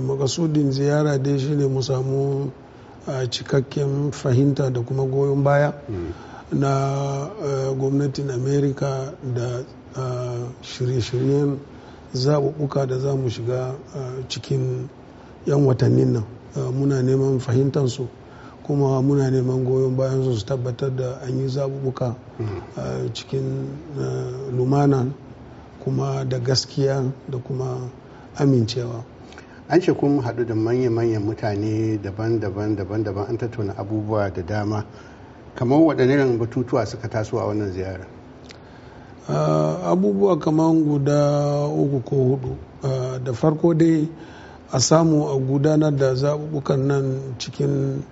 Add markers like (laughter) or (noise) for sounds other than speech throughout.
makasudin ziyara dai shine mu samu cikakken fahimta da kuma goyon baya mm. na gwamnatin america da shirye-shiryen zaɓuɓɓuka da za mu shiga cikin 'yan watannin nan muna neman fahimtansu kuma muna neman goyon bayan su tabbatar da an yi zaɓuɓɓuka mm. cikin lumana kuma da gaskiya da kuma amincewa an ce haɗu da manya-manyan mutane daban-daban daban-daban an tattauna abubuwa da dama kamar irin batutuwa suka taso a wannan ziyara abubuwa kamar guda uku ko hudu da farko dai a samu a gudanar da zaɓuɓɓukan nan cikin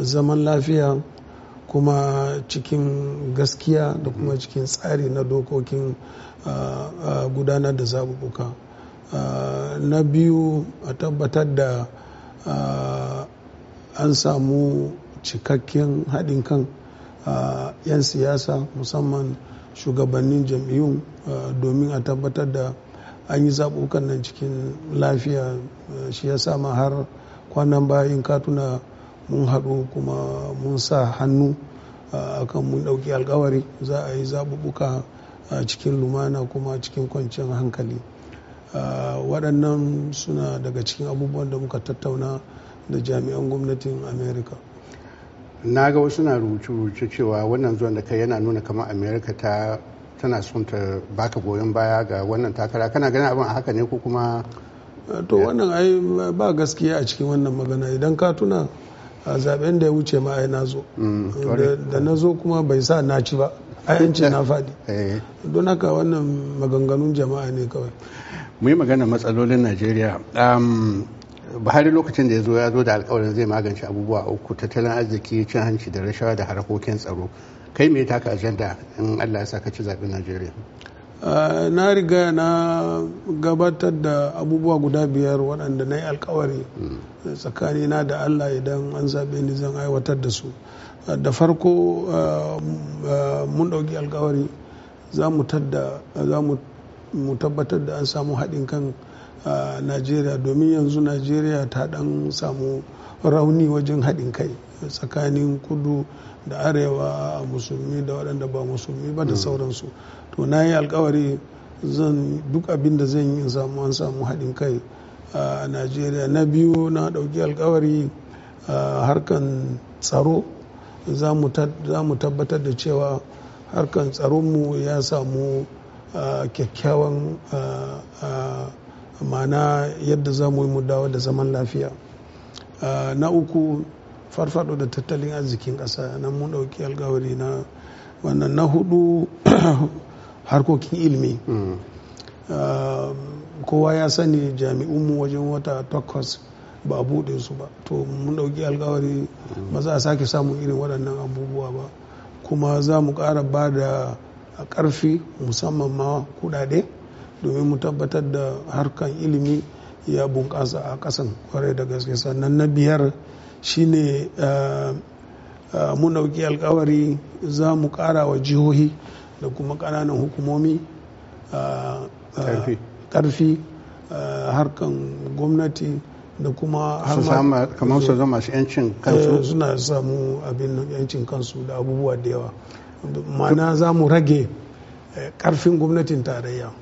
zaman lafiya kuma cikin gaskiya da kuma cikin tsari na dokokin gudanar da zaɓuɓɓuka Ah, na biyu a tabbatar da ah, an samu cikakken haɗin kan ah, 'yan siyasa musamman shugabannin jam'iyyun domin a tabbatar da an yi zaɓukan nan cikin lafiya shi ya sama har kwanan bayan katuna mun haɗu kuma mun sa hannu akan mun ɗauki alkawari za a yi zaɓuɓɓuka cikin lumana kuma cikin kwanciyar hankali Ah, waɗannan suna daga cikin abubuwan da muka tattauna da jami'an gwamnatin america na ga wasu na rubuce cewa wannan zuwan da kai yana nuna kamar america ta tana son ta baka goyon baya ga wannan takara kana ganin abin a haka ne ko kuma ah, to wannan ai ba gaskiya a cikin wannan magana idan ka tuna a zaben da ya wuce ma ai na zo mm, da na zo kuma bai sa na ci ba ai an ce na (laughs) faɗi eh. don haka wannan maganganun jama'a ne kawai mu yi magana matsalolin najeriya buhari lokacin da ya zo ya zo da alkawarin zai magance abubuwa uku tattalin arziki cin hanci da rashawa da harkokin tsaro kai mai taka ajanda in allah ya sa ka ci zaɓen najeriya na riga na gabatar da abubuwa guda biyar waɗanda na yi alkawari hmm. na da allah idan an zaɓe ni zan aiwatar da su da farko mun ɗauki alkawari za mu mu tabbatar da an samu haɗin kan najeriya domin yanzu najeriya ta ɗan samu rauni wajen haɗin kai tsakanin kudu da arewa musulmi da waɗanda ba musulmi ba da hmm. sauransu to na yi alkawari zan duk abin da zan yi samu an samu haɗin kai a najeriya na biyu na ɗauki alkawari harkan tsaro za mu tabbatar da cewa harkan tsaronmu ya samu kyakkyawan ma'ana yadda za mu yi mu dawo da zaman lafiya na uku farfado da tattalin arzikin ƙasa nan mun ɗauki alkawari na wannan na hudu (coughs) harkokin ilimi mm. kowa ya sani jami'unmu wajen wata takwas ba a buɗe su ba to mun ɗauki alkawari ba za a sake samun irin waɗannan abubuwa ba kuma za mu ƙara ba da a ƙarfi musamman ma kudade domin mu tabbatar da harkan ilimi ya bunƙasa a ƙasan kwarai da gaske sannan na biyar shine eh, eh, mu dauki alkawari za mu ƙara wa jihohi da kuma ƙananan hukumomi eh, ƙarfi harkan gwamnati da kuma kamar su zama kansu suna samu abin yancin kansu da abubuwa da yawa ma'ana za mu rage karfin eh, gwamnatin tarayya